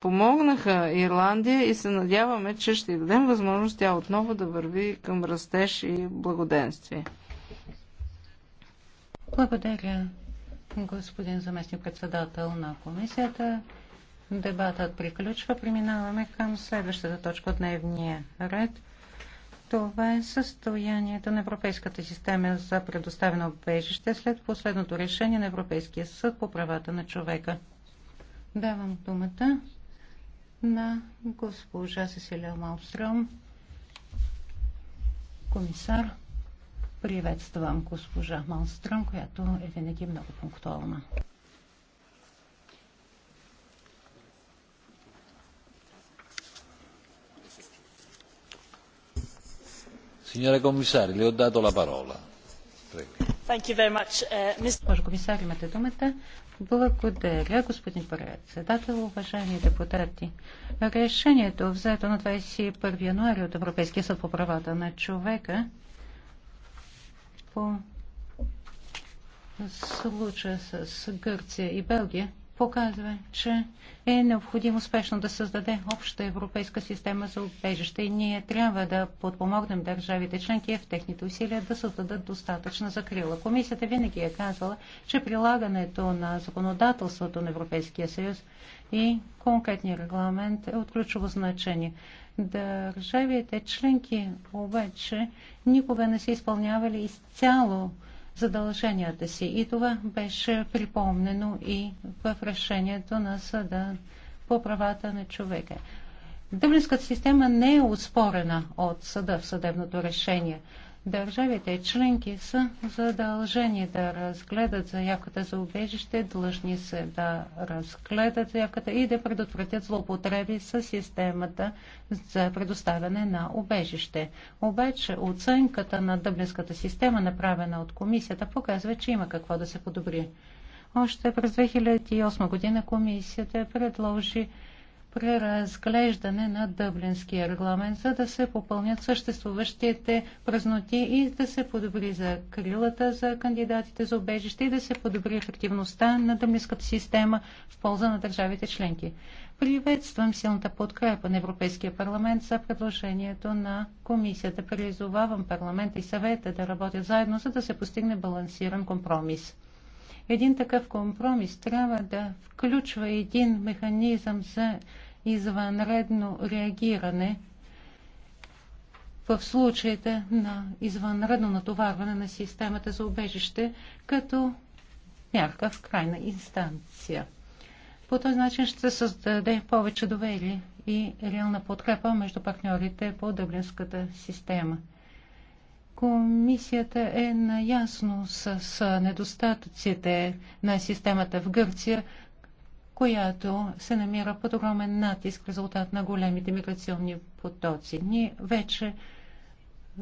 помогнаха Ирландия и се надяваме, че ще й дадем възможност тя отново да върви към растеж и благоденствие. Благодаря, господин заместник председател на комисията. Дебатът приключва. Преминаваме към следващата точка от дневния ред. Това е състоянието на Европейската система за предоставено обежище след последното решение на Европейския съд по правата на човека. Давам думата на госпожа Сесилия Малстрем. Комисар, приветствам госпожа Малстрем, която е винаги много пунктуална. Signora commissario, le ho dato la parola. Prego. Uh, Госпожо комисар, имате думата. Благодаря, господин председател, уважаеми депутати. Решението, взето на 21 януари от Европейския съд по правата на човека по случая с Гърция и Белгия, показва, че е необходимо спешно да създаде обща европейска система за убежище и ние трябва да подпомогнем държавите членки в техните усилия да създадат достатъчна закрила. Комисията винаги е казала, че прилагането на законодателството на Европейския съюз и конкретния регламент е от ключово значение. Държавите членки обаче никога не са изпълнявали изцяло задълженията си. И това беше припомнено и в решението на съда по правата на човека. Дъблинската система не е успорена от съда в съдебното решение. Държавите членки са задължени да разгледат заявката за убежище, длъжни се да разгледат заявката и да предотвратят злоупотреби с системата за предоставяне на убежище. Обаче оценката на дъблинската система, направена от комисията, показва, че има какво да се подобри. Още през 2008 година комисията предложи преразглеждане на Дъблинския регламент, за да се попълнят съществуващите празноти и да се подобри за крилата за кандидатите за обежище и да се подобри ефективността на дъблинската система в полза на държавите членки. Приветствам силната подкрепа на Европейския парламент за предложението на комисията. Призовавам парламента и съвета да работят заедно, за да се постигне балансиран компромис. Един такъв компромис трябва да включва един механизъм за извънредно реагиране в случаите на извънредно натоварване на системата за убежище като мярка в крайна инстанция. По този начин ще се създаде повече доверие и реална подкрепа между партньорите по дъблинската система. Комисията е наясно с недостатъците на системата в Гърция, която се намира под огромен натиск в резултат на големите миграционни потоци. Ние вече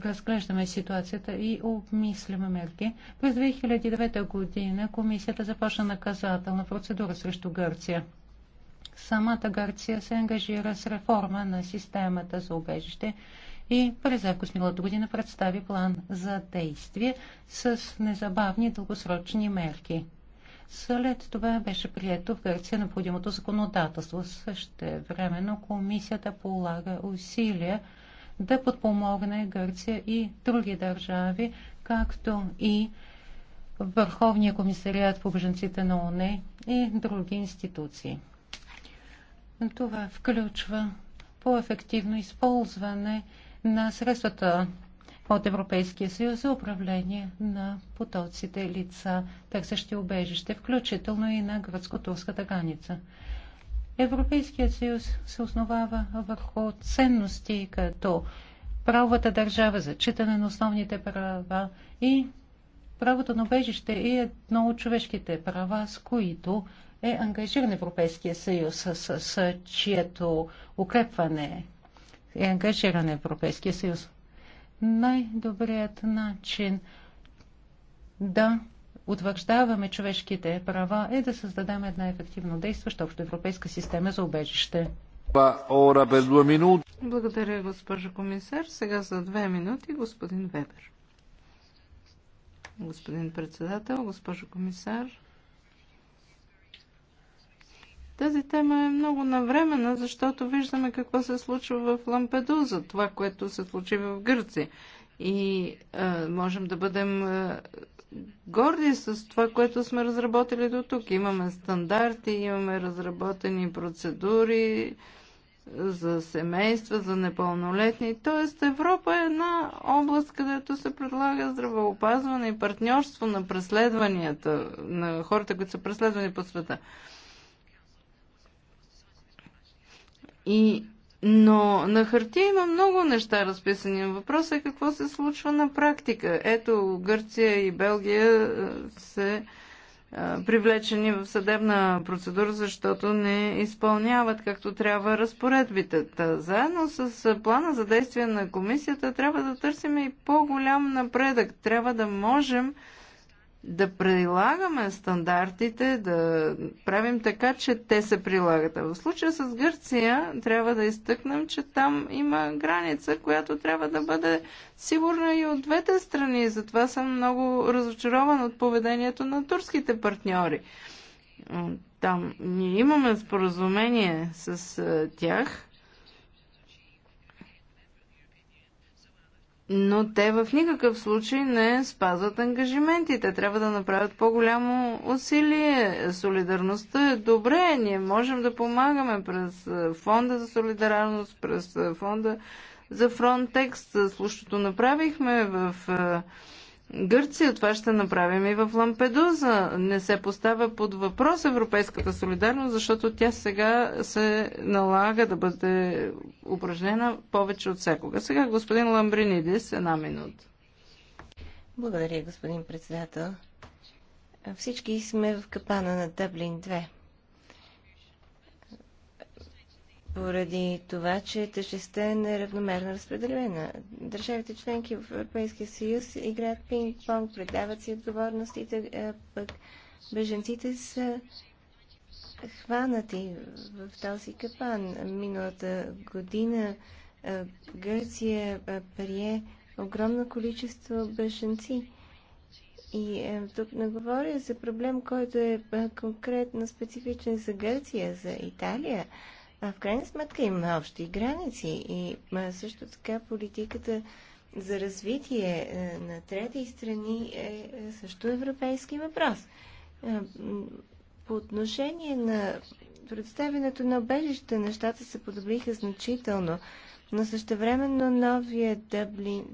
разглеждаме ситуацията и обмисляме мерки. През 2009 година комисията започна наказателна процедура срещу Гърция. Самата Гърция се ангажира с реформа на системата за убежище и през август миналата година представи план за действие с незабавни дългосрочни мерки. След това беше прието в Гърция необходимото законодателство. Също времено комисията полага усилия да подпомогне Гърция и други държави, както и Върховния комисариат по беженците на ОНЕ и други институции. Това включва по-ефективно използване на средствата от Европейския съюз за управление на потоците лица, търсещи убежище, включително и на гръцко-турската граница. Европейският съюз се основава върху ценности като правата държава, зачитане на основните права и правото на убежище и едно от човешките права, с които е ангажиран Европейския съюз, с, с, с чието укрепване е ангажиран Европейския съюз. Най-добрият начин да утвърждаваме човешките права е да създадем една ефективно действаща общоевропейска система за убежище. Благодаря, госпожо комисар. Сега за две минути господин Вебер. Господин председател, госпожо комисар, тази тема е много навремена, защото виждаме какво се случва в Лампедуза, това, което се случи в Гърция. И а, е, можем да бъдем а, е, горди с това, което сме разработили до тук. Имаме стандарти, имаме разработени процедури е, за семейства, за непълнолетни. Тоест Европа е една област, където се предлага здравеопазване и партньорство на преследванията, на хората, които са преследвани по света. И, но на хартия има много неща разписани. Въпросът е какво се случва на практика. Ето, Гърция и Белгия е, се е, привлечени в съдебна процедура, защото не изпълняват както трябва разпоредбите. Та, заедно с плана за действие на комисията трябва да търсим и по-голям напредък. Трябва да можем да прилагаме стандартите, да правим така, че те се прилагат. А в случая с Гърция трябва да изтъкнем, че там има граница, която трябва да бъде сигурна и от двете страни. Затова съм много разочарован от поведението на турските партньори. Там ние имаме споразумение с тях но те в никакъв случай не спазват ангажиментите. Трябва да направят по-голямо усилие. Солидарността е добре. Ние можем да помагаме през фонда за солидарност, през фонда за Фронтекст. Слушното направихме в Гърция. Това ще направим и в Лампедуза. Не се поставя под въпрос европейската солидарност, защото тя сега се налага да бъде упражнена повече от всякога. Сега господин Ламбринидис, една минута. Благодаря, господин председател. Всички сме в капана на Дъблин поради това, че тежестта е неравномерно разпределена. Държавите членки в Европейския съюз играят пинг-понг, предават си отговорностите, а пък беженците са хванати в този капан. Миналата година Гърция прие огромно количество беженци. И тук не говоря за проблем, който е конкретно специфичен за Гърция, за Италия, а в крайна сметка има общи граници и също така политиката за развитие на трети страни е, е също европейски въпрос. По отношение на представянето на обежище, нещата се подобриха значително, но същевременно новия Дъблин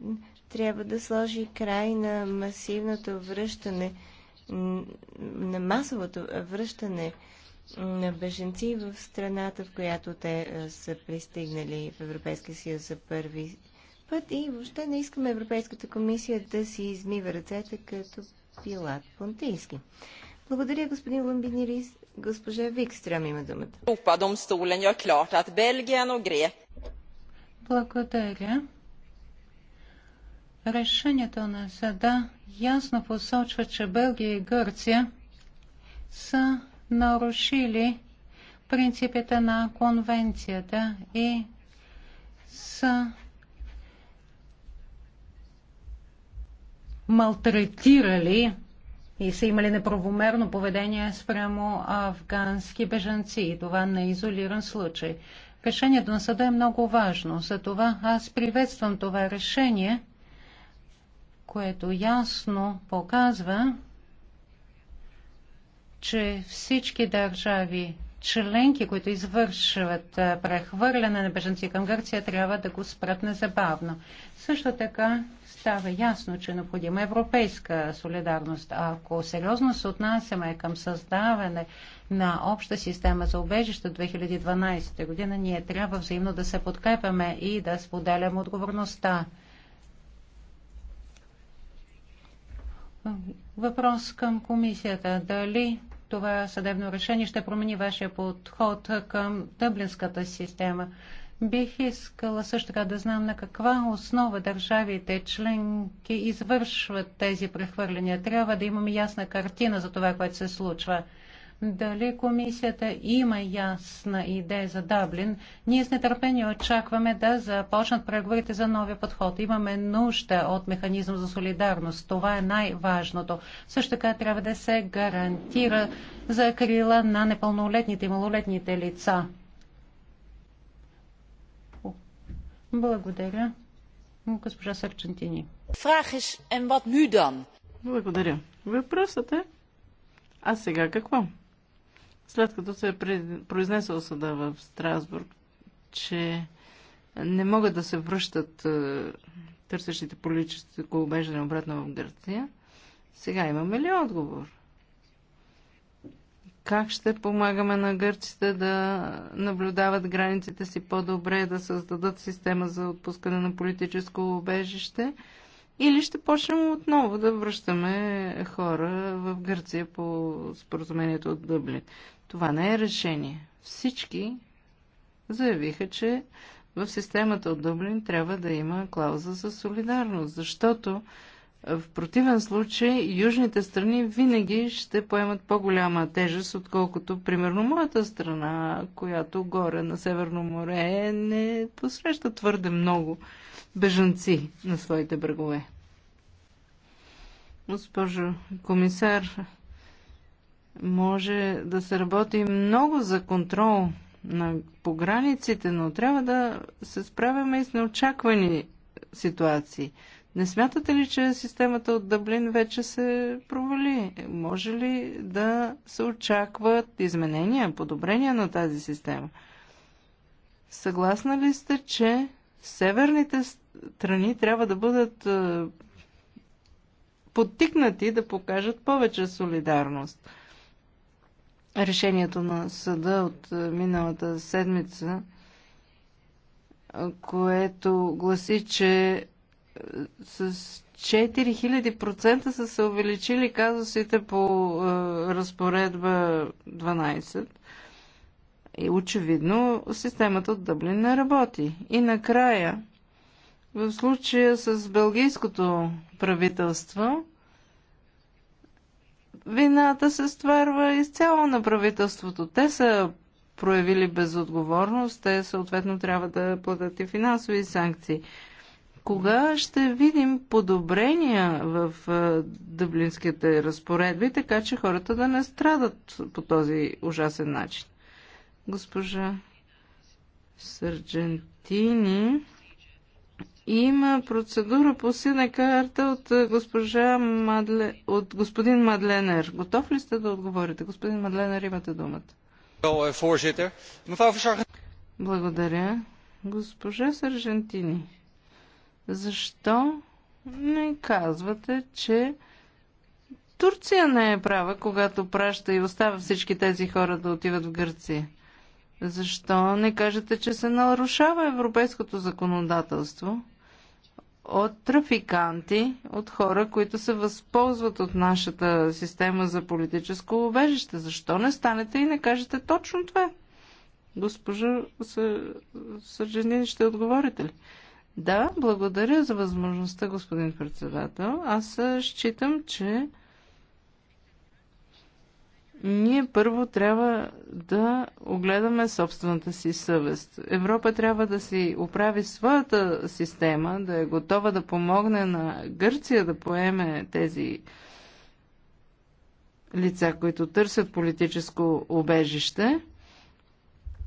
трябва да сложи край на масивното връщане, на масовото връщане на беженци в страната, в която те е, са пристигнали в Европейския съюз за първи път и въобще не искаме Европейската комисия да си измива ръцете като Пилат Понтийски. Благодаря, господин Ламбинирис. Госпожа Викстрам има думата. Благодаря. Решението на съда ясно посочва, че Белгия и Гърция са нарушили принципите на конвенцията и са малтретирали и са имали неправомерно поведение спрямо афгански бежанци. И това не е изолиран случай. Решението на съда е много важно. Затова аз приветствам това решение, което ясно показва, че всички държави членки, които извършват прехвърляне на беженци към Гърция, трябва да го спрат незабавно. Също така става ясно, че е необходима европейска солидарност. Ако сериозно се отнасяме към създаване на обща система за убежище 2012 година, ние трябва взаимно да се подкрепяме и да споделяме отговорността. Въпрос към комисията. Дали това съдебно решение ще промени вашия подход към дъблинската система. Бих искала също така да знам на каква основа държавите членки извършват тези прехвърляния. Трябва да имаме ясна картина за това, което се случва дали комисията има ясна идея за Даблин. Ние с нетърпение очакваме да започнат преговорите за новия подход. Имаме нужда от механизъм за солидарност. Това е най-важното. Също така трябва да се гарантира закрила на непълнолетните и малолетните лица. Благодаря. Госпожа Сърчентини. Благодаря. Въпросът е, а сега какво? след като се е произнесъл съда в Страсбург, че не могат да се връщат е, търсещите политически убеждане обратно в Гърция, сега имаме ли отговор? Как ще помагаме на гърците да наблюдават границите си по-добре, да създадат система за отпускане на политическо убежище? Или ще почнем отново да връщаме хора в Гърция по споразумението от Дъблин. Това не е решение. Всички заявиха, че в системата от Дублин трябва да има клауза за солидарност, защото в противен случай южните страни винаги ще поемат по-голяма тежест, отколкото, примерно, моята страна, която горе на Северно море не посреща твърде много бежанци на своите брегове. Госпожо комисар, може да се работи много за контрол на, по границите, но трябва да се справяме и с неочаквани ситуации. Не смятате ли, че системата от Дъблин вече се провали? Може ли да се очакват изменения, подобрения на тази система? Съгласна ли сте, че северните страни трябва да бъдат е, подтикнати да покажат повече солидарност? решението на съда от е, миналата седмица, което гласи, че е, с 4000% са се увеличили казусите по е, разпоредба 12. И очевидно системата от Дъблин не работи. И накрая, в случая с бългийското правителство, вината се стварва изцяло на правителството. Те са проявили безотговорност, те съответно трябва да платят и финансови санкции. Кога ще видим подобрения в дъблинските разпоредби, така че хората да не страдат по този ужасен начин? Госпожа Сърджентини. Има процедура по сина карта от, е, госпожа Мадле... от господин Мадленер. Готов ли сте да отговорите? Господин Мадленер, имате думата. Е, Благодаря. Госпожа Сържентини, защо не казвате, че Турция не е права, когато праща и оставя всички тези хора да отиват в Гърция? Защо не кажете, че се нарушава европейското законодателство от трафиканти, от хора, които се възползват от нашата система за политическо убежище? Защо не станете и не кажете точно това? Госпожа Съжени, ще отговорите ли? Да, благодаря за възможността, господин председател. Аз считам, че ние първо трябва да огледаме собствената си съвест. Европа трябва да си оправи своята система, да е готова да помогне на Гърция да поеме тези лица, които търсят политическо убежище,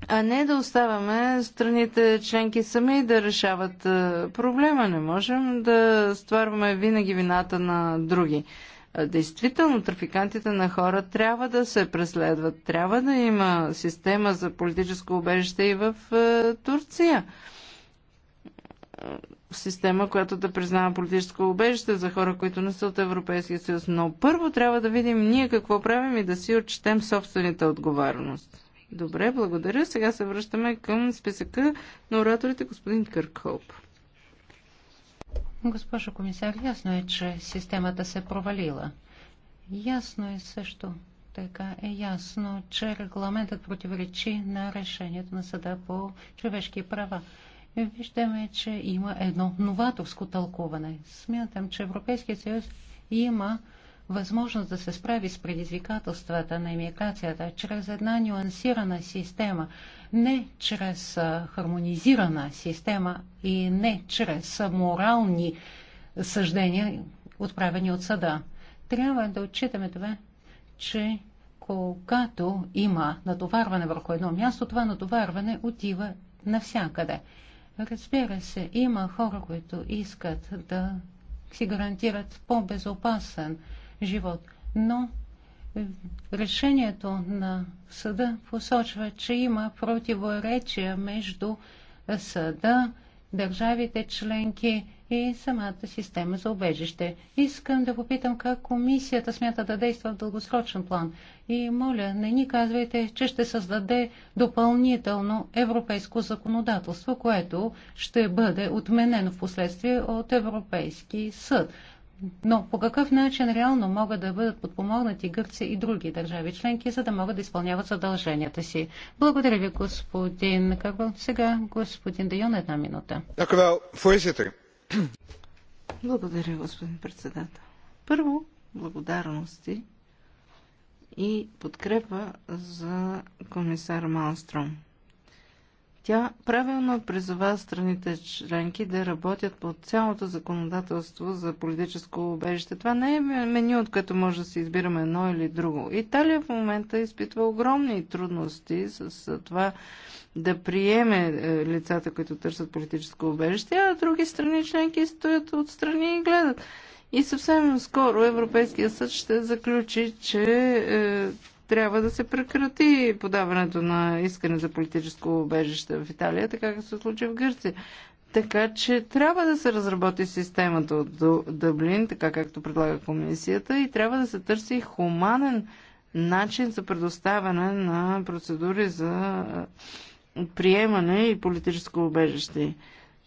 а не да оставаме страните членки сами да решават проблема. Не можем да стварваме винаги вината на други. Действително, трафикантите на хора трябва да се преследват. Трябва да има система за политическо убежище и в Турция. Система, която да признава политическо убежище за хора, които не са от Европейския съюз. Но първо трябва да видим ние какво правим и да си отчетем собствените отговорност. Добре, благодаря. Сега се връщаме към списъка на ораторите господин Къркхоп. Госпожо комисар, ясно е, че системата се провалила. Ясно е също така е ясно, че регламентът противоречи на решението на съда по човешки права. Виждаме, че има едно новаторско тълкуване. Смятам, че Европейския съюз има възможност да се справи с предизвикателствата на имиграцията чрез една нюансирана система, не чрез хармонизирана система и не чрез морални съждения, отправени от съда. Трябва да отчитаме това, че когато има натоварване върху едно място, това натоварване отива навсякъде. Разбира се, има хора, които искат да си гарантират по-безопасен живот, но Решението на съда посочва, че има противоречия между съда, държавите членки и самата система за обежище. Искам да попитам как комисията смята да действа в дългосрочен план. И моля, не ни казвайте, че ще създаде допълнително европейско законодателство, което ще бъде отменено в последствие от Европейски съд. Но по какъв начин реално могат да бъдат подпомогнати Гърция и други държави членки, за да могат да изпълняват задълженията си? Благодаря ви, господин Карбъл. Сега господин Дайон, една минута. Благодаря, господин председател. Първо, благодарности и подкрепа за комисар Малстром. Тя правилно е призова страните членки да работят по цялото законодателство за политическо убежище. Това не е меню, от което може да се избираме едно или друго. Италия в момента изпитва огромни трудности с това да приеме е, лицата, които търсят политическо убежище, а други страни членки стоят отстрани и гледат. И съвсем скоро Европейския съд ще заключи, че е, трябва да се прекрати подаването на искане за политическо убежище в Италия, така както се случи в Гърция. Така че трябва да се разработи системата от Дъблин, така както предлага комисията, и трябва да се търси хуманен начин за предоставяне на процедури за приемане и политическо убежище.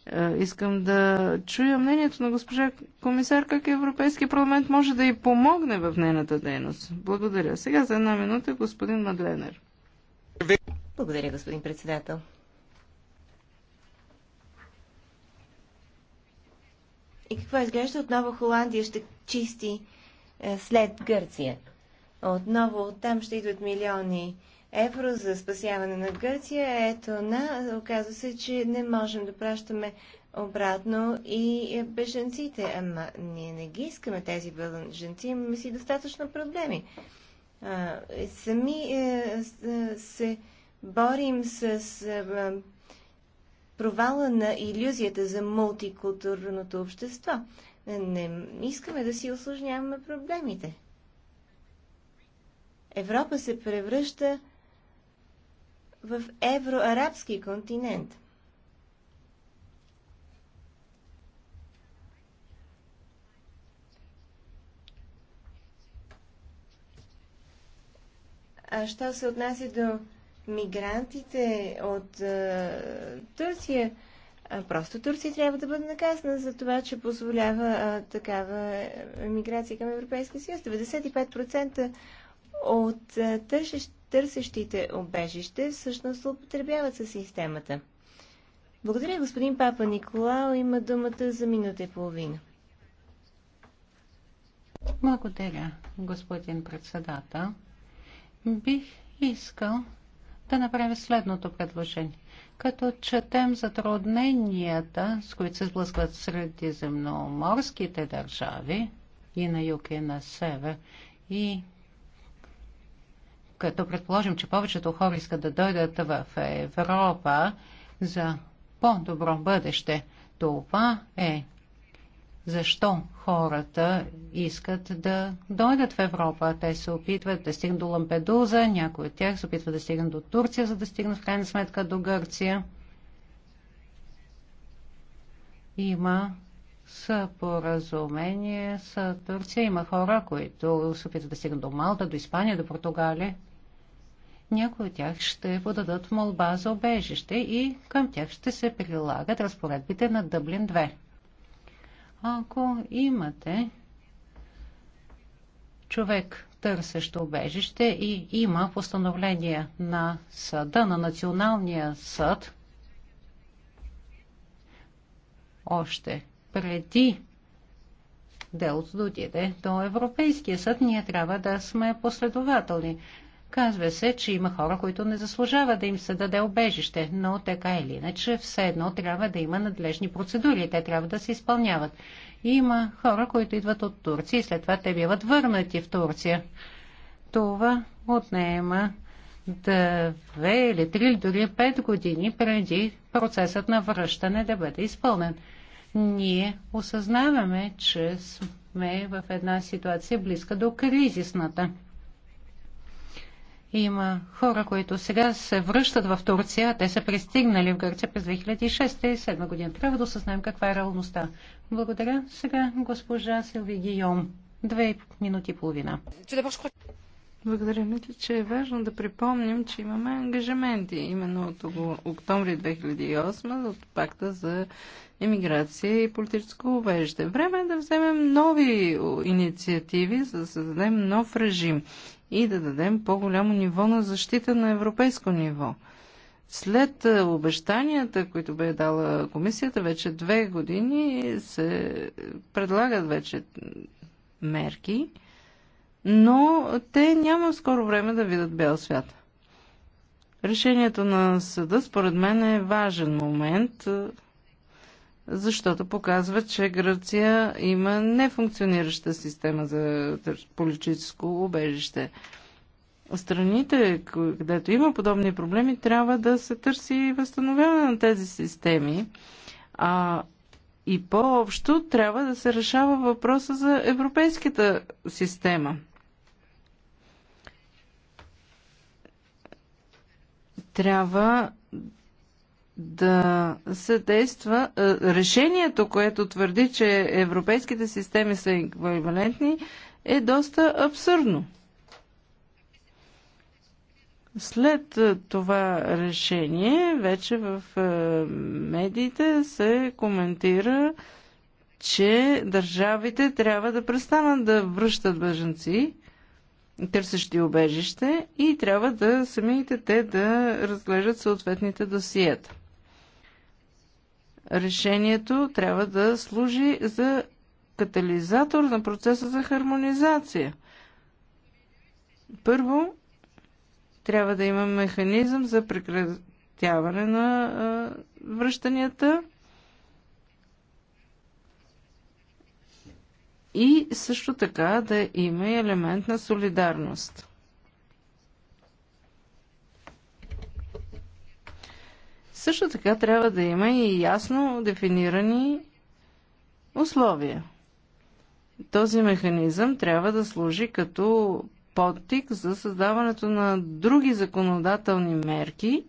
Е, искам да чуя мнението на госпожа комисар как Европейския парламент може да й помогне в нейната дейност. Благодаря. Сега за една минута господин Мадленер. Благодаря, господин председател. И какво изглежда? Отново Холандия ще чисти е, след Гърция. Отново там ще идват милиони евро за спасяване на Гърция, ето на, оказва се, че не можем да пращаме обратно и беженците. Ама ние не ги искаме тези беженци, имаме си достатъчно проблеми. А, е, сами е, е, се борим с е, провала на иллюзията за мултикултурното общество. Не искаме да си осложняваме проблемите. Европа се превръща в евроарабски континент. А що се отнася до мигрантите от е, Турция, а, просто Турция трябва да бъде наказана за това, че позволява а, такава миграция към Европейския съюз. 95% от а, търсещите обежище всъщност употребяват със системата. Благодаря, господин Папа Николао. Има думата за минута и половина. Благодаря, господин председател. Бих искал да направя следното предложение. Като четем затрудненията, с които се сблъскват средиземноморските държави и на юг и на север, и като предположим, че повечето хора искат да дойдат в Европа за по-добро бъдеще, това е защо хората искат да дойдат в Европа. Те се опитват да стигнат до Лампедуза, някои от тях се опитват да стигнат до Турция, за да стигнат в крайна сметка до Гърция. Има съпоразумение с Турция. Има хора, които се опитват да стигнат до Малта, до Испания, до Португалия. Някои от тях ще подадат молба за обежище и към тях ще се прилагат разпоредбите на Дъблин 2. Ако имате човек търсещ обежище и има постановление на съда, на Националния съд, още преди делото да отиде до Европейския съд, ние трябва да сме последователни. Казва се, че има хора, които не заслужават да им се даде обежище, но така или иначе все едно трябва да има надлежни процедури. Те трябва да се изпълняват. И има хора, които идват от Турция и след това те биват върнати в Турция. Това отнема две или три или дори пет години преди процесът на връщане да бъде изпълнен. Ние осъзнаваме, че сме в една ситуация близка до кризисната. Има хора, които сега се връщат в Турция. Те са пристигнали в Гърция през 2006 и 2007 година. Трябва да осъзнаем каква е реалността. Благодаря. Сега госпожа Силви Гийом. Две минути и половина. Благодаря. Мисля, че е важно да припомним, че имаме ангажименти именно от октомври 2008 от пакта за емиграция и политическо увежде. Време е да вземем нови инициативи, за да създадем нов режим и да дадем по-голямо ниво на защита на европейско ниво. След е, обещанията, които бе дала комисията, вече две години се предлагат вече мерки, но те няма скоро време да видят бял свят. Решението на съда, според мен, е важен момент е, защото показва, че Гръция има нефункционираща система за политическо убежище. Страните, където има подобни проблеми, трябва да се търси възстановяване на тези системи. А и по-общо трябва да се решава въпроса за европейската система. Трябва да се действа. Е, решението, което твърди, че европейските системи са еквивалентни, е доста абсурдно. След е, това решение, вече в е, медиите се коментира, че държавите трябва да престанат да връщат бъженци, търсещи убежище и трябва да самите те да разглеждат съответните досиета. Решението трябва да служи за катализатор на процеса за хармонизация. Първо, трябва да има механизъм за прекратяване на а, връщанията и също така да има и елемент на солидарност. Също така трябва да има и ясно дефинирани условия. Този механизъм трябва да служи като подтик за създаването на други законодателни мерки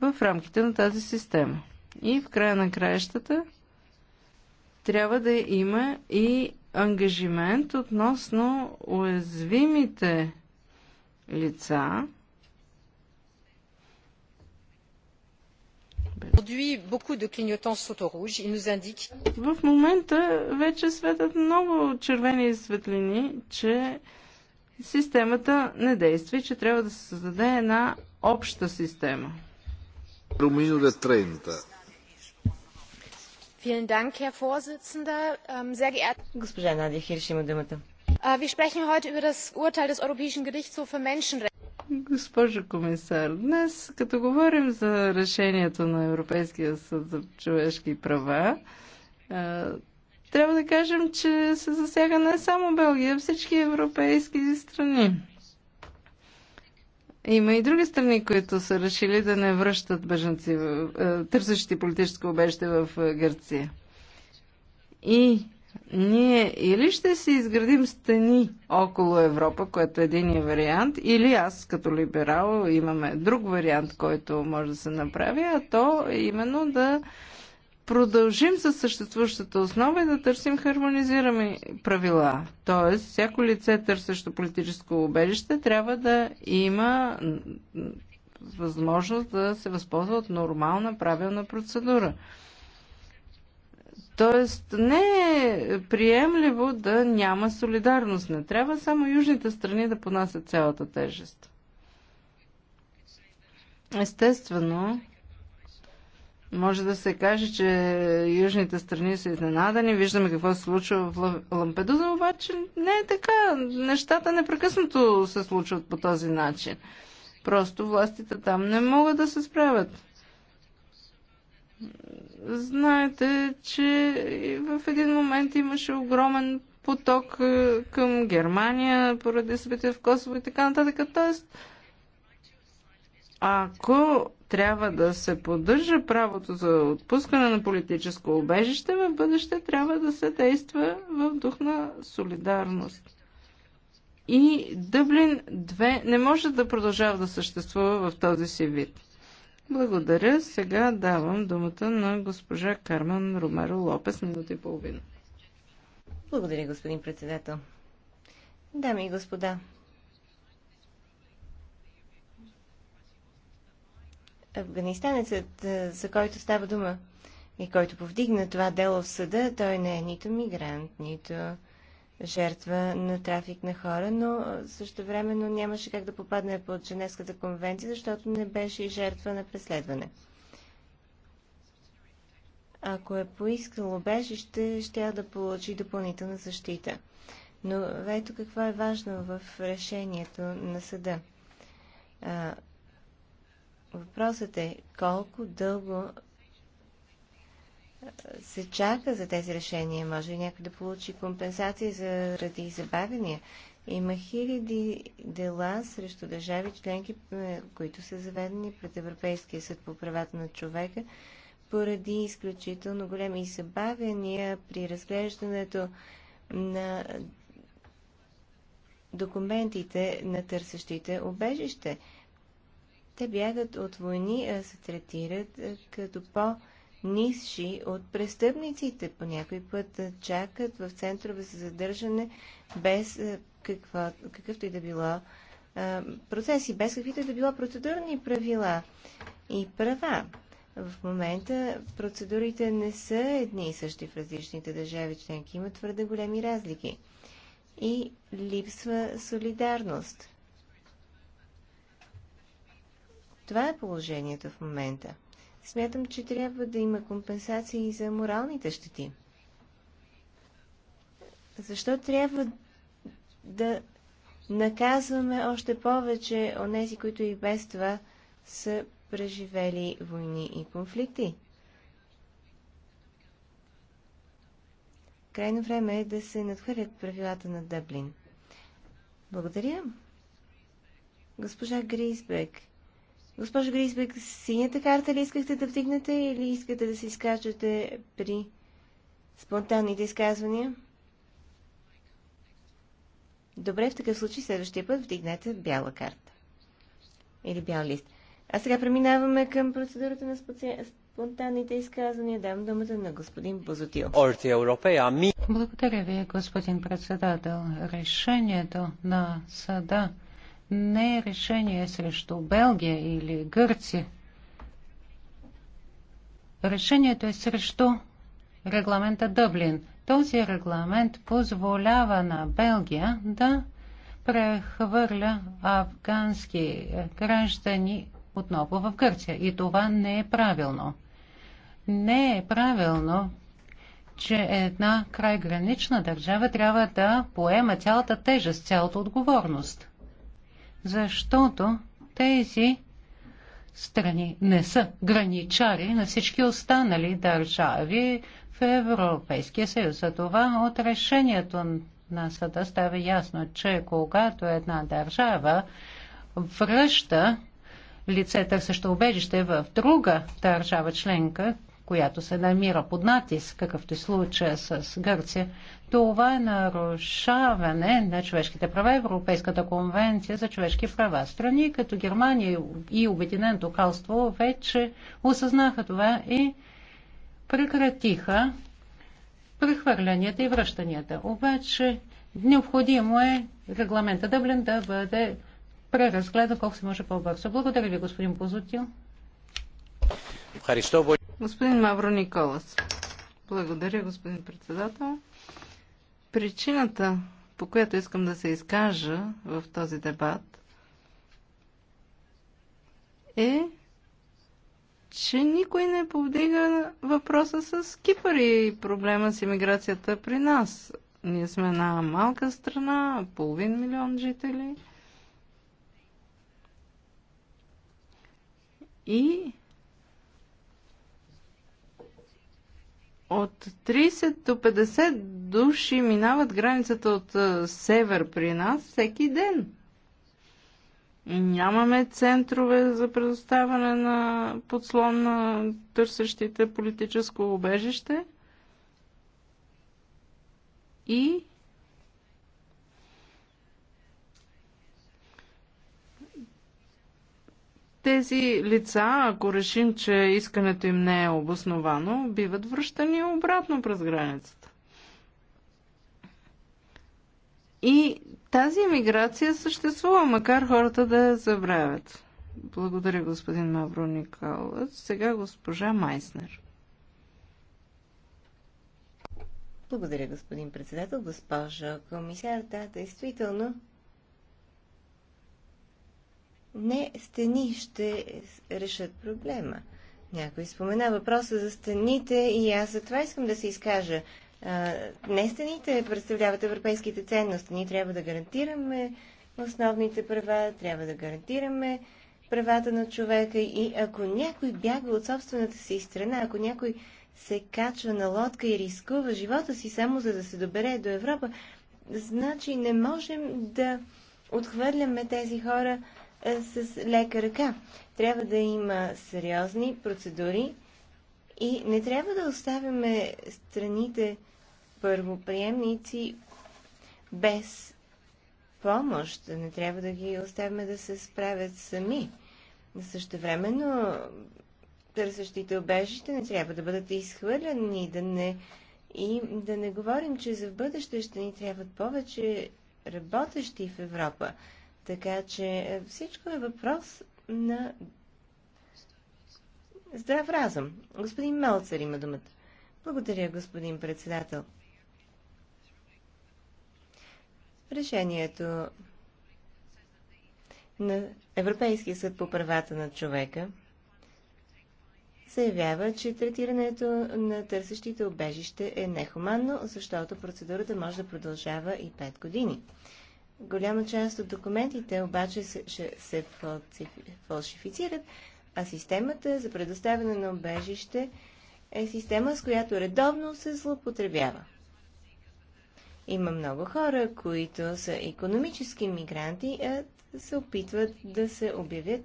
в рамките на тази система. И в края на краищата трябва да има и ангажимент относно уязвимите лица, В момента вече светят много червени светлини, че системата не действа и че трябва да се създаде една обща система. Румино е ähm, Госпожа Надя Хирши има думата. Äh, wir sprechen heute über das Urteil des Europäischen Gerichtshofs für Menschenrechte. Госпожо комисар, днес като говорим за решението на Европейския съд за човешки права, трябва да кажем, че се засяга не само Белгия, всички европейски страни. Има и други страни, които са решили да не връщат бежанци, търсещи политическо обеще в Гърция. И ние или ще си изградим стени около Европа, което е един вариант, или аз като либерал имаме друг вариант, който може да се направи, а то е именно да продължим със съществуващата основа и да търсим хармонизирани правила. Тоест, всяко лице, търсещо политическо убежище, трябва да има възможност да се възползва от нормална правилна процедура. Тоест не е приемливо да няма солидарност. Не трябва само южните страни да понасят цялата тежест. Естествено, може да се каже, че южните страни са изненадани, виждаме какво се случва в Лампедуза, обаче не е така. Нещата непрекъснато се случват по този начин. Просто властите там не могат да се справят. Знаете, че в един момент имаше огромен поток е, към Германия поради събития в Косово и така нататък. Тоест, ако трябва да се поддържа правото за отпускане на политическо убежище, в бъдеще трябва да се действа в дух на солидарност. И Дъблин 2 не може да продължава да съществува в този си вид. Благодаря. Сега давам думата на госпожа Кармен Ромеро Лопес, минута и половина. Благодаря, господин председател. Дами и господа, афганистанецът, за който става дума и който повдигна това дело в съда, той не е нито мигрант, нито жертва на трафик на хора, но също времено нямаше как да попадне под Женевската конвенция, защото не беше и жертва на преследване. Ако е поискало обежище, ще да получи допълнителна защита. Но ето какво е важно в решението на съда. въпросът е колко дълго се чака за тези решения. Може ли някой да получи компенсации заради забавения? Има хиляди дела срещу държави членки, е, които са заведени пред Европейския съд по правата на човека, поради изключително големи забавения при разглеждането на документите на търсещите обежище. Те бягат от войни, а се третират е, като по- нисши от престъпниците. По някой път чакат в центрове за задържане без каква, какъвто и да било процеси, без каквито и да било процедурни правила и права. В момента процедурите не са едни и същи в различните държави членки. Има твърде големи разлики. И липсва солидарност. Това е положението в момента. Смятам, че трябва да има компенсации и за моралните щети. Защо трябва да наказваме още повече онези, които и без това са преживели войни и конфликти? Крайно време е да се надхвърлят правилата на Дъблин. Благодаря. Госпожа Грисбек. Госпожо Гризбек, синята карта ли искахте да вдигнете или искате да се изкачате при спонтанните изказвания? Добре, в такъв случай следващия път вдигнете бяла карта. Или бял лист. А сега преминаваме към процедурата на спонтанните изказвания. Дам думата на господин Бозотил. Благодаря ви, господин председател. Решението на съда не е решение срещу Белгия или Гърция. Решението е срещу регламента Дъблин. Този регламент позволява на Белгия да прехвърля афгански граждани отново в Гърция. И това не е правилно. Не е правилно, че една крайгранична държава трябва да поема цялата тежест, цялата отговорност защото тези страни не са граничари на всички останали държави в Европейския съюз. За това от решението на съда става ясно, че когато една държава връща лице търсещо убежище в друга държава членка, която се намира под натиск, какъвто е случая с Гърция, това е нарушаване на човешките права Европейската конвенция за човешки права. Страни като Германия и Обединеното кралство вече осъзнаха това и прекратиха прехвърлянията и връщанията. Обаче необходимо е регламента Дъблин да бъде преразгледан колко се може по-бързо. Благодаря ви, господин Позутил. Господин Мавро Николас. Благодаря, господин председател. Причината, по която искам да се изкажа в този дебат, е, че никой не повдига въпроса с Кипър и проблема с иммиграцията при нас. Ние сме една малка страна, половин милион жители. И От 30 до 50 души минават границата от е, север при нас всеки ден. Нямаме центрове за предоставяне на подслон на търсещите политическо убежище. И Тези лица, ако решим, че искането им не е обосновано, биват връщани обратно през границата. И тази емиграция съществува, макар хората да я забравят. Благодаря, господин Мавро Николас. Сега госпожа Майснер. Благодаря, господин председател, госпожа комисар. Да, действително, не стени ще решат проблема. Някой спомена въпроса за стените и аз за това искам да се изкажа. Не стените представляват европейските ценности. Ние трябва да гарантираме основните права, трябва да гарантираме правата на човека и ако някой бяга от собствената си страна, ако някой се качва на лодка и рискува живота си само за да се добере до Европа, значи не можем да отхвърляме тези хора е, с лека ръка. Трябва да има сериозни процедури и не трябва да оставяме страните първоприемници без помощ. Не трябва да ги оставяме да се справят сами. Също Същевременно търсещите обежище не трябва да бъдат изхвърлени, да не, и да не говорим, че за в бъдеще ще ни трябват повече работещи в Европа. Така че е, всичко е въпрос на здрав разум. Господин Мелцер има думата. Благодаря, господин председател. Решението на Европейския съд по правата на човека заявява, че третирането на търсещите обежище е нехуманно, защото процедурата може да продължава и 5 години. Голяма част от документите обаче се, се фалшифицират, а системата за предоставяне на обежище е система, с която редовно се злоупотребява. Има много хора, които са економически мигранти, а се опитват да се обявят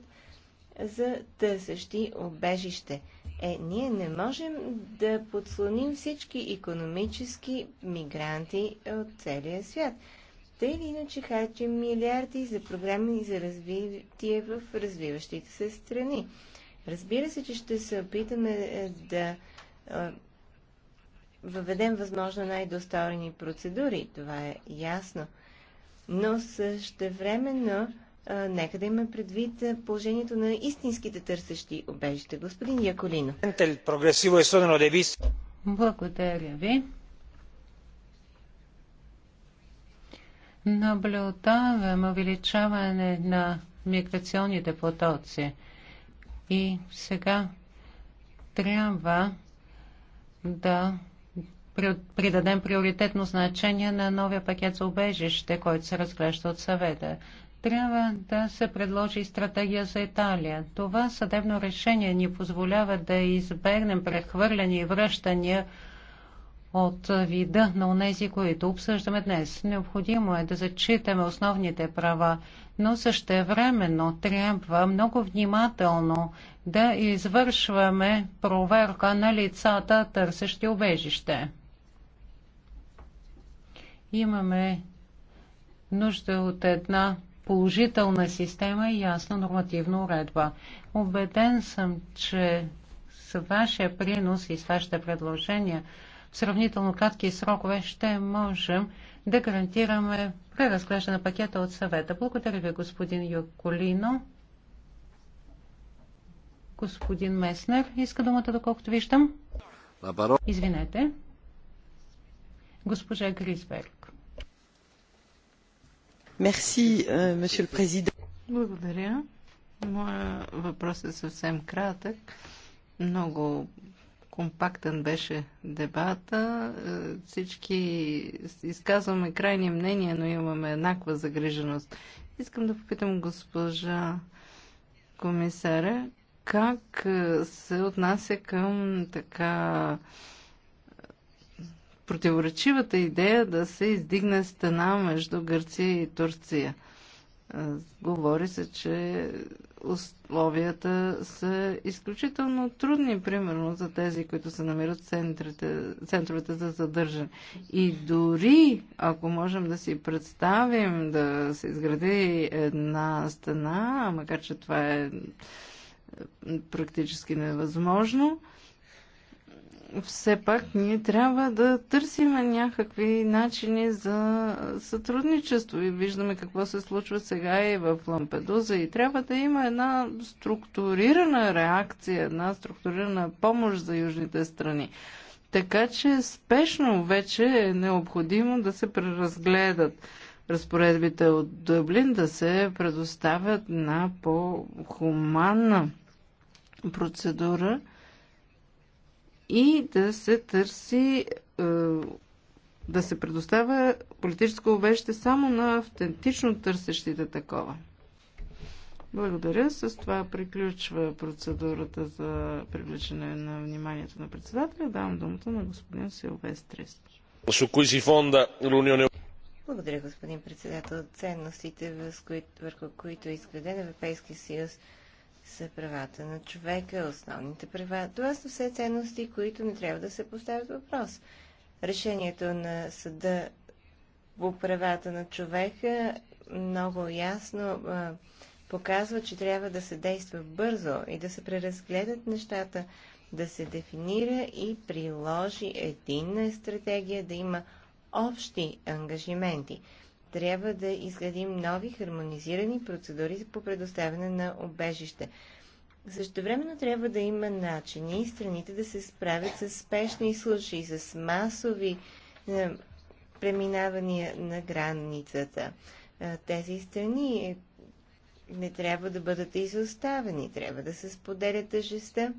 за тъсъщи обежище. Е, ние не можем да подслоним всички економически мигранти от целия свят. Те или иначе харчим милиарди за програми за развитие в развиващите се страни. Разбира се, че ще се опитаме е, да въведем възможно най-достойни процедури, това е ясно. Но същевременно а, нека да има предвид положението на истинските търсещи обежите. Господин Яколино. Благодаря ви. наблюдавам увеличаване на миграционните потоци. И сега трябва да придадем приоритетно значение на новия пакет за убежище, който се разглежда от съвета. Трябва да се предложи и стратегия за Италия. Това съдебно решение ни позволява да избегнем прехвърляне и връщания от вида на унези, които обсъждаме днес. Необходимо е да зачитаме основните права, но същевременно трябва много внимателно да извършваме проверка на лицата, търсещи убежище. Имаме нужда от една положителна система и ясна нормативна уредба. Обеден съм, че с вашия принос и с вашите предложения – в сравнително кратки срокове ще можем да гарантираме преразглеждане на пакета от съвета. Благодаря ви, господин Йоколино. Господин Меснер иска думата, доколкото виждам. Извинете. Госпожа Грисберг. Мерси, е, месье президент. Благодаря. Моя въпрос е съвсем кратък. Много компактен беше дебата. Е, всички изказваме крайни мнения, но имаме еднаква загриженост. Искам да попитам госпожа комисаря, как е, се отнася към така е, противоречивата идея да се издигне стена между Гърция и Турция. Говори се, че условията са изключително трудни, примерно за тези, които се намират в центрите, центровете за задържане. И дори, ако можем да си представим да се изгради една стена, макар че това е, е практически невъзможно, все пак ние трябва да търсим някакви начини за сътрудничество и виждаме какво се случва сега и в Лампедуза и трябва да има една структурирана реакция, една структурирана помощ за южните страни. Така че спешно вече е необходимо да се преразгледат разпоредбите от Дъблин, да се предоставят на по-хуманна процедура и да се търси е, да се предоставя политическо обеще само на автентично търсещите такова. Благодаря. С това приключва процедурата за привличане на вниманието на председателя. Давам думата на господин Силвестрис. Благодаря, господин председател. Ценностите, върху които е изграден Европейския съюз, са правата на човека, основните права. Това са все ценности, които не трябва да се поставят въпрос. Решението на съда по правата на човека много ясно а, показва, че трябва да се действа бързо и да се преразгледат нещата, да се дефинира и приложи единна стратегия, да има общи ангажименти трябва да изградим нови хармонизирани процедури по предоставяне на обежище. Същевременно трябва да има начини страните да се справят с спешни случаи, с масови е, преминавания на границата. Е, тези страни е, не трябва да бъдат изоставени, трябва да се споделят тъжеста.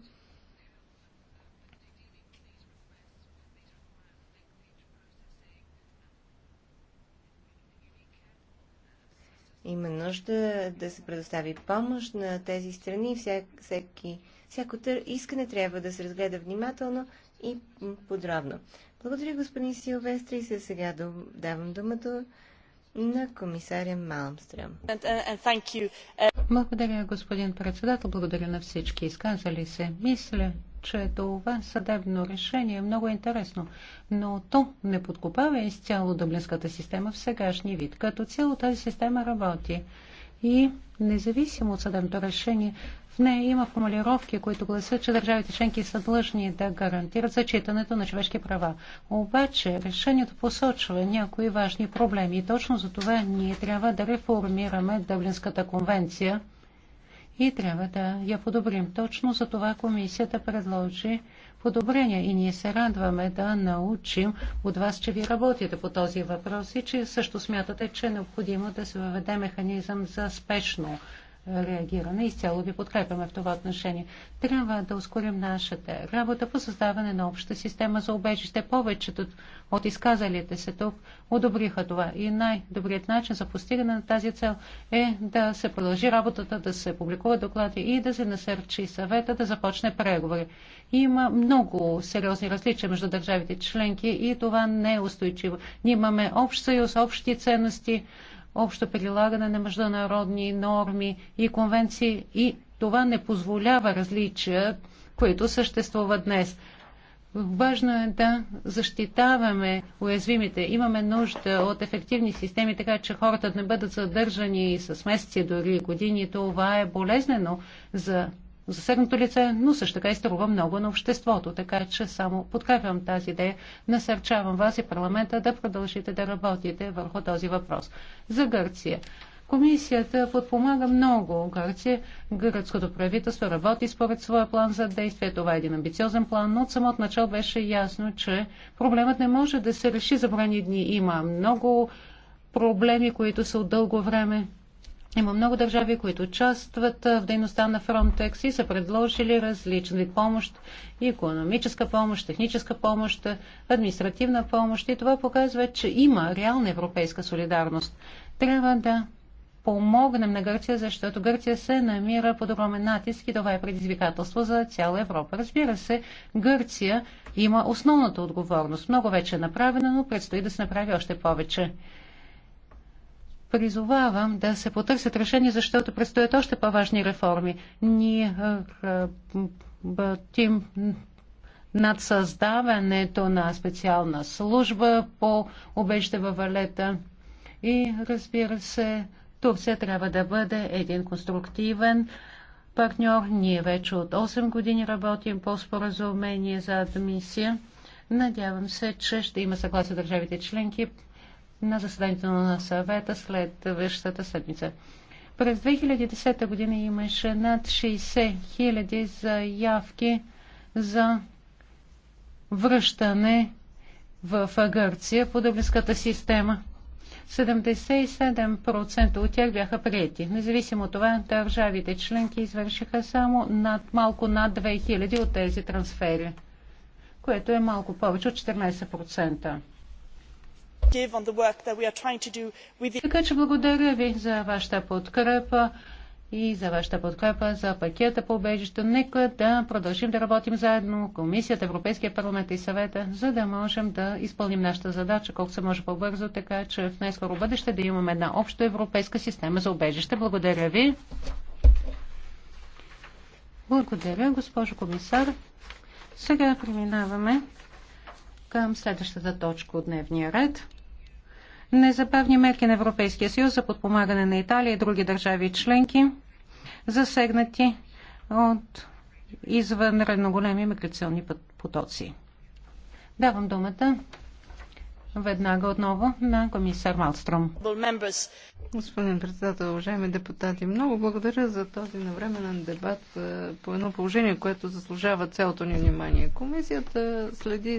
Има нужда да се предостави помощ на тези страни. Всяк, всеки, всяко тър, искане трябва да се разгледа внимателно и подробно. Благодаря, господин Силвестри. И се сега давам думата на комисаря Малмстрем. Uh, Благодаря, господин председател. Благодаря на всички изказали се. Мисля, че това съдебно решение е много интересно, но то не подкопава изцяло дъблинската система в сегашния вид. Като цяло тази система работи и независимо от съдебното решение, в нея има формулировки, които гласят, че държавите членки са длъжни да гарантират зачитането на човешки права. Обаче решението посочва някои важни проблеми и точно за това ние трябва да реформираме Дъблинската конвенция – и трябва да я подобрим. Точно за това комисията предложи подобрения и ние се радваме да научим от вас, че ви работите по този въпрос и че също смятате, че е необходимо да се въведе механизъм за спешно реагиране. Изцяло ви подкрепяме в това отношение. Трябва да ускорим нашата работа по създаване на обща система за убежище. Повечето от изказалите се тук одобриха това. И най-добрият начин за постигане на тази цел е да се продължи работата, да се публикува доклади и да се насърчи съвета да започне преговори. Има много сериозни различия между държавите членки и това не е устойчиво. Ние имаме общ съюз, общи ценности, общо прилагане на международни норми и конвенции и това не позволява различия, които съществуват днес. Важно е да защитаваме уязвимите. Имаме нужда от ефективни системи, така че хората не бъдат задържани с месеци, дори години. Това е болезнено за засегнато лице, но също така и струва много на обществото. Така че само подкрепям тази идея. Насърчавам вас и парламента да продължите да работите върху този въпрос. За Гърция. Комисията подпомага много Гърция. Гръцкото правителство работи според своя план за действие. Това е един амбициозен план, но от самото начало беше ясно, че проблемът не може да се реши за брани дни. Има много проблеми, които са от дълго време. Има много държави, които участват в дейността на Frontex и са предложили различен вид помощ, економическа помощ, техническа помощ, административна помощ и това показва, че има реална европейска солидарност. Трябва да помогнем на Гърция, защото Гърция се намира под огромен натиск и това е предизвикателство за цяла Европа. Разбира се, Гърция има основната отговорност. Много вече е направено, но предстои да се направи още повече призовавам да се потърсят решения, защото предстоят още по-важни реформи. Ние работим над създаването на специална служба по обеща във Валета. И разбира се, Турция трябва да бъде един конструктивен партньор. Ние вече от 8 години работим по споразумение за адмисия. Надявам се, че ще има съгласие държавите членки на заседанието на съвета след вещата седмица. През 2010 година имаше над 60 000 заявки за връщане в Гърция по дъблинската система. 77% от тях бяха прияти. Независимо от това, държавите членки извършиха само над, малко над 2000 от тези трансфери, което е малко повече от 14%. Така че благодаря ви за вашата подкрепа и за вашата подкрепа за пакета по убежището. Нека да продължим да работим заедно, Комисията, Европейския парламент и съвета, за да можем да изпълним нашата задача колкото се може по-бързо, така че в най-скоро бъдеще да имаме една общо европейска система за убежище. Благодаря ви. Благодаря, госпожо комисар. Сега преминаваме към следващата точка от дневния ред. Незабавни мерки на Европейския съюз за подпомагане на Италия и други държави членки, засегнати от извънредно големи миграционни потоци. Давам думата веднага отново на комисар Малстром. Господин председател, уважаеми депутати, много благодаря за този навременен дебат по едно положение, което заслужава цялото ни внимание. Комисията следи